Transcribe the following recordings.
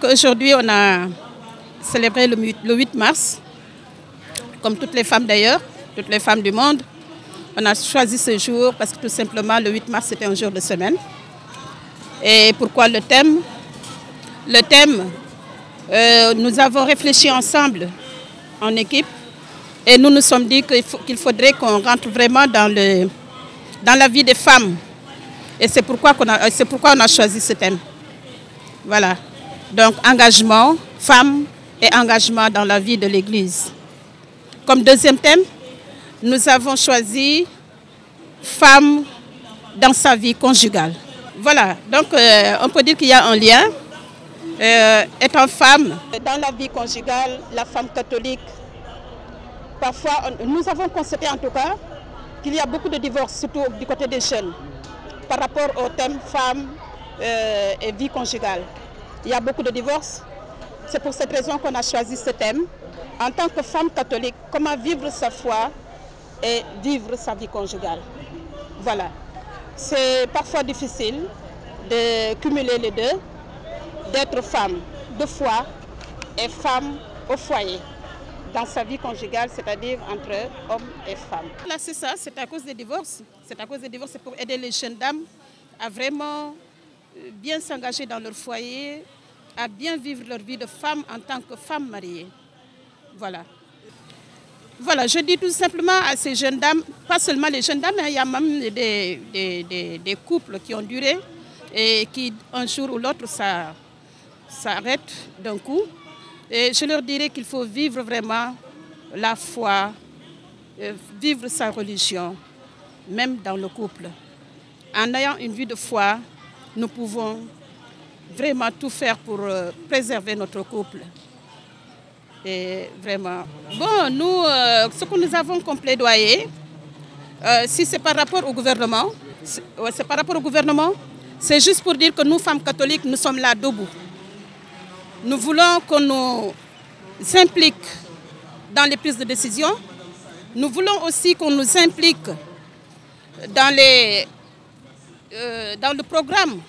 Donc aujourd'hui, on a célébré le 8 mars, comme toutes les femmes d'ailleurs, toutes les femmes du monde. On a choisi ce jour parce que tout simplement le 8 mars c'était un jour de semaine. Et pourquoi le thème Le thème, euh, nous avons réfléchi ensemble en équipe et nous nous sommes dit qu'il faudrait qu'on rentre vraiment dans, le, dans la vie des femmes. Et c'est pourquoi, on a, a choisi ce thème. Voilà. Donc engagement, femmes et engagement dans la vie de l'Église. Comme deuxième thème, nous avons choisi femmes dans sa vie conjugale. Voilà, donc euh, on peut dire qu'il y a un lien. Euh, étant femme, dans la vie conjugale, la femme catholique, parfois, on, nous avons constaté en tout cas qu'il y a beaucoup de divorces, surtout du côté des jeunes, par rapport au thème femmes euh, et vie conjugale. Il y a beaucoup de divorces. C'est pour cette raison qu'on a choisi ce thème. En tant que femme catholique, comment vivre sa foi et vivre sa vie conjugale. Voilà. C'est parfois difficile de cumuler les deux, d'être femme de foi et femme au foyer dans sa vie conjugale, c'est-à-dire entre hommes et femmes. Là, c'est ça, c'est à cause des divorces. C'est à cause des divorces, c'est pour aider les jeunes dames à vraiment bien s'engager dans leur foyer, à bien vivre leur vie de femme en tant que femme mariée. Voilà. Voilà, je dis tout simplement à ces jeunes dames, pas seulement les jeunes dames, il hein, y a même des, des, des, des, couples qui ont duré et qui, un jour ou l'autre, ça s'arrête d'un coup. Et je leur dirais qu'il faut vivre vraiment la foi, euh, vivre sa religion, même dans le couple. En ayant une vie de foi, nous pouvons vraiment tout faire pour euh, préserver notre couple. Et vraiment. Bon, nous, euh, ce que nous avons comme plaidoyer, euh, si c'est par rapport au gouvernement, c'est par rapport au gouvernement, c'est juste pour dire que nous, femmes catholiques, nous sommes là debout. Nous voulons qu'on nous implique dans les prises de décision. Nous voulons aussi qu'on nous implique dans les euh, dans le programme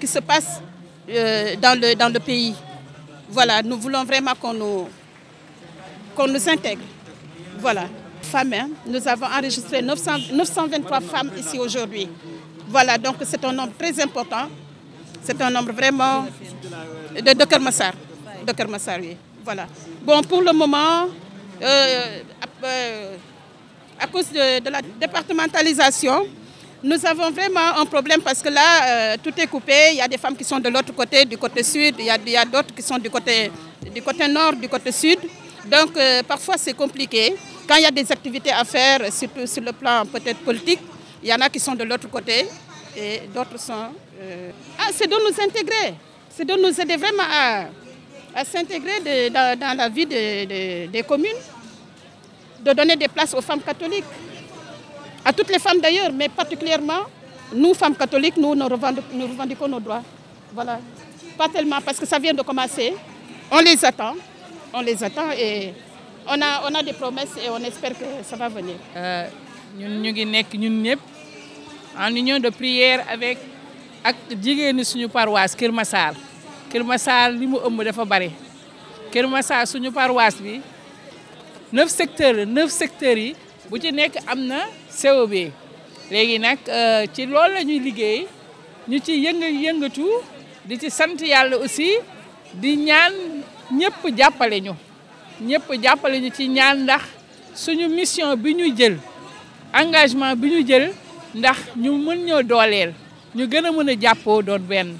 qui se passe euh, le, dans le pays. Voilà, nous voulons vraiment qu'on nous, qu'on nous intègre. Voilà. Femmes, hein, nous avons enregistré 900, 923 femmes ici aujourd'hui. Voilà, donc c'est un nombre très important. vraiment de, de Kermassar. De Voilà. Bon, pour le moment, euh, à, euh, à cause de, de Nous avons vraiment un problème parce que là, euh, tout est coupé. Il y a des femmes qui sont de l'autre côté, du côté sud. Il a, a d'autres qui sont du côté, nord, du côté sud. Donc euh, parfois c'est compliqué. Quand il des activités à faire, surtout sur le plan peut-être politique, il y en a qui sont de l'autre côté et d'autres sont... Euh... Ah, c'est de nous intégrer. C'est de nous aider vraiment à, à dans, dans, la vie des communes, de donner des places aux femmes catholiques. à toutes les femmes d'ailleurs, mais particulièrement nous, femmes catholiques, nous, nous revendiquons, nous revendiquons Voilà. Pas tellement parce que ça vient de commencer. On les attend. On les attend et on a, on a des promesses et on espère que ça va venir. Euh, nous, sommes en union de prière avec, avec les paroisse, Kirmassar. Kirmassar, Kirmassar, notre paroisse, 9 secteurs, 9 yi bu ci nekk am na COB léegi nag euh, ci loolu la ñuy liggéey ñu ci yënga yëngatu di ci sant yàlla aussi di ñaan ñëpp jàppale ñu ñëpp jàppale ñu ci ñaan ndax suñu mission bi ñu jël engagement bi ñu jël ndax ñu mën ñoo dooleel ñu gën a mën a jàppoo doon benn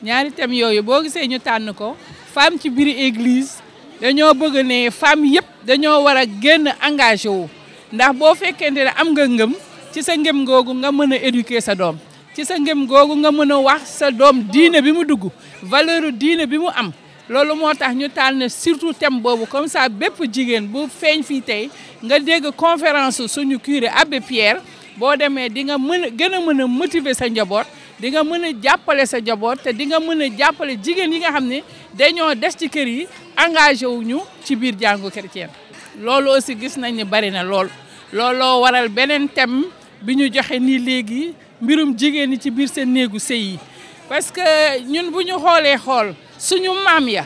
ñaari thèmes yooyu boo gisee ñu tànn ko femme ci biir église dañoo bëgg ne femme yëpp dañoo war a génn engagé wu ndax boo fekkente ne am nga ngëm ci sa ngëm googu nga mën a éduquer sa doom ci sa ngëm googu nga mën a wax sa doom diine bi mu dugg valeur diine bi mu am loolu moo tax ñu tànn surtout thème boobu comme ça bépp jigéen bu feeñ fii tey nga dégg conférence suñu curé abbé Pierre boo demee di nga mën a gën a mën a motiver sa njaboot di nga mën a jàppale sa njaboot te di nga mën a jàppale jigéen yi nga xam ne dañoo des ci kër yi engagé wuñu ci biir jàngu chrétien looloo si gis nañ ni bari na lool looloo waral beneen thème bi ñu joxe nii léegi mbirum jigéen ñi ci biir seen néegu sëy yi parce que ñun bu ñu xoolee xool suñu maam ya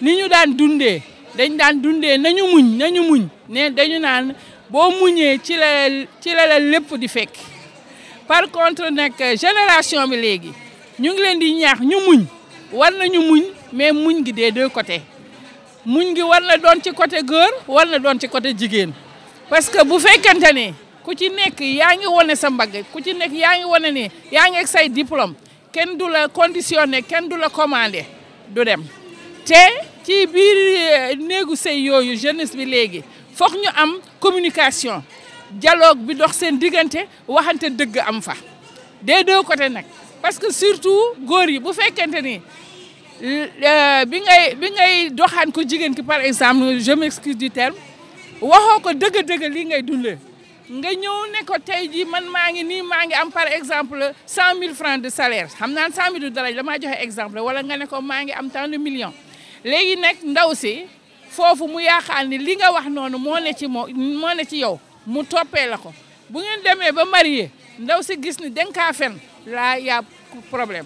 ni ñu daan dundee dañ daan dundee nañu muñ nañu muñ ne dañu naan boo muñee ci la ci la lépp di fekk par contre nag génération bi léegi ñu ngi leen di ñaax ñu muñ war nañu muñ mais muñ gi des deux côtés mu ngi war na doon ci côté góor war na doon ci côté jigéen parce que bu fekkente ni ku ci nekk yaa ngi wane sa mbagg ku ci nekk yaa ngi wane ni yaa ngi ak say diplôme kenn du la conditionné kenn du la commandé du dem te ci biir eh, néegu sey yooyu jeunesse bi léegi foog ñu am communication dialogue bi dox seen diggante waxante dëgg am fa des deux côtés nag parce que surtout góor yi bu fekkente ni Euh, bi ngay bi ngay doxaan ko jigéen ki par exemple je m'excuse du terme waxoo ko dëgg-dëgg lii ngay dundee nga ñëw ne ko tey jii man maa ngi nii maa ngi am par exemple cent mille francs de salaire xam naan cent mille damaa joxe exemple wala nga ne ko maa ngi am tant de million léegi nekk ndaw si foofu mu yaakaar ni li nga wax noonu moo ne ci moo moo ci yow mu toppee la ko bu ngeen demee ba marié ndaw si gis ni danga kaa fen laa y'a problème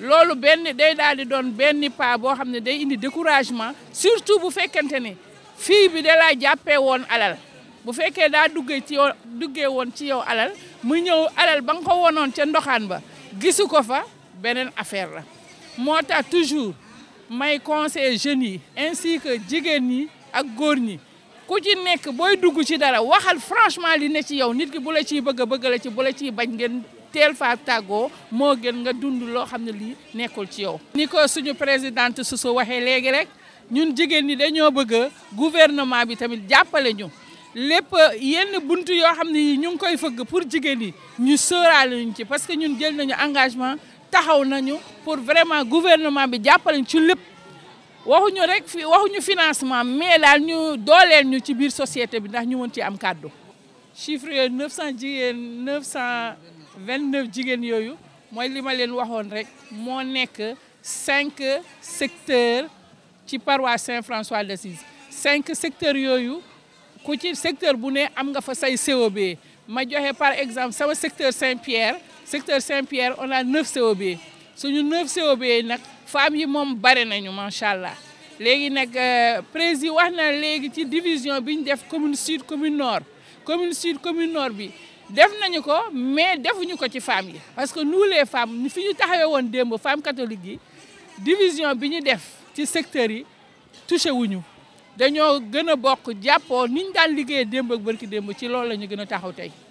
loolu benn day daal doon benn pas boo xam ne day indi découragement surtout bu fekkente ni fii bi de laa jàppee woon alal bu fekkee daa dugge ci duggee woon ci yow alal mu ñëw alal ba nga ko wonoon ca ndoxaan ba gisu ko fa beneen affaire la moo tax toujours may conseil jeunes yi ainsi jigéen ñi ak góor ñi ku ci nekk booy dugg ci dara waxal franchement li ne ci yow nit ki bu la ciy bëgg a bëgg la ci bu la ciy bañ ngeen teel faa tàggoo moo gën nga dund loo xam ne lii nekkul ci yow. ni ko suñu présidente Soso waxee léegi rek ñun jigéen ñi dañoo bëgg gouvernement bi tamit jàppale ñu lépp yenn buntu yoo xam ni ñu ngi koy fëgg pour jigéen yi ñu sóoraale ñu ci parce que ñun jël nañu engagement taxaw nañu pour vraiment gouvernement bi jàppale ñu ci lépp. waxuñu rek fi waxuñu financement mais daal ñu dooleel ñu ci biir société bi ndax ñu mën ci am kàddu. chiffre yooyu neuf cent jigéen neuf 29 jigéen yooyu mooy li ma leen waxoon rek moo nekk cinq secteurs ci paroisse Saint-François d'Assise cinq secteurs yooyu ku ci secteur bu ne am nga fa say COB ma joxe par exemple sama secteur Saint-Pierre secteur Saint-Pierre on a 9 COB suñu 9 COB yi nag femmes yi moom bare nañu macha allah léegi nag euh, président wax na léegi ci division bi ñu def commune sud commune nord commune sud commune nord bi. def nañu ko mais defuñu ko ci femmes yi parce que nous les femmes fi ñu taxawee woon démb femmes catholiques yi division bi ñu def ci secteurs yi touché wuñu dañoo gën a bokk jàppoo ni daan liggéeyee démb ak bërki ci loolu la ñu gën a taxaw tey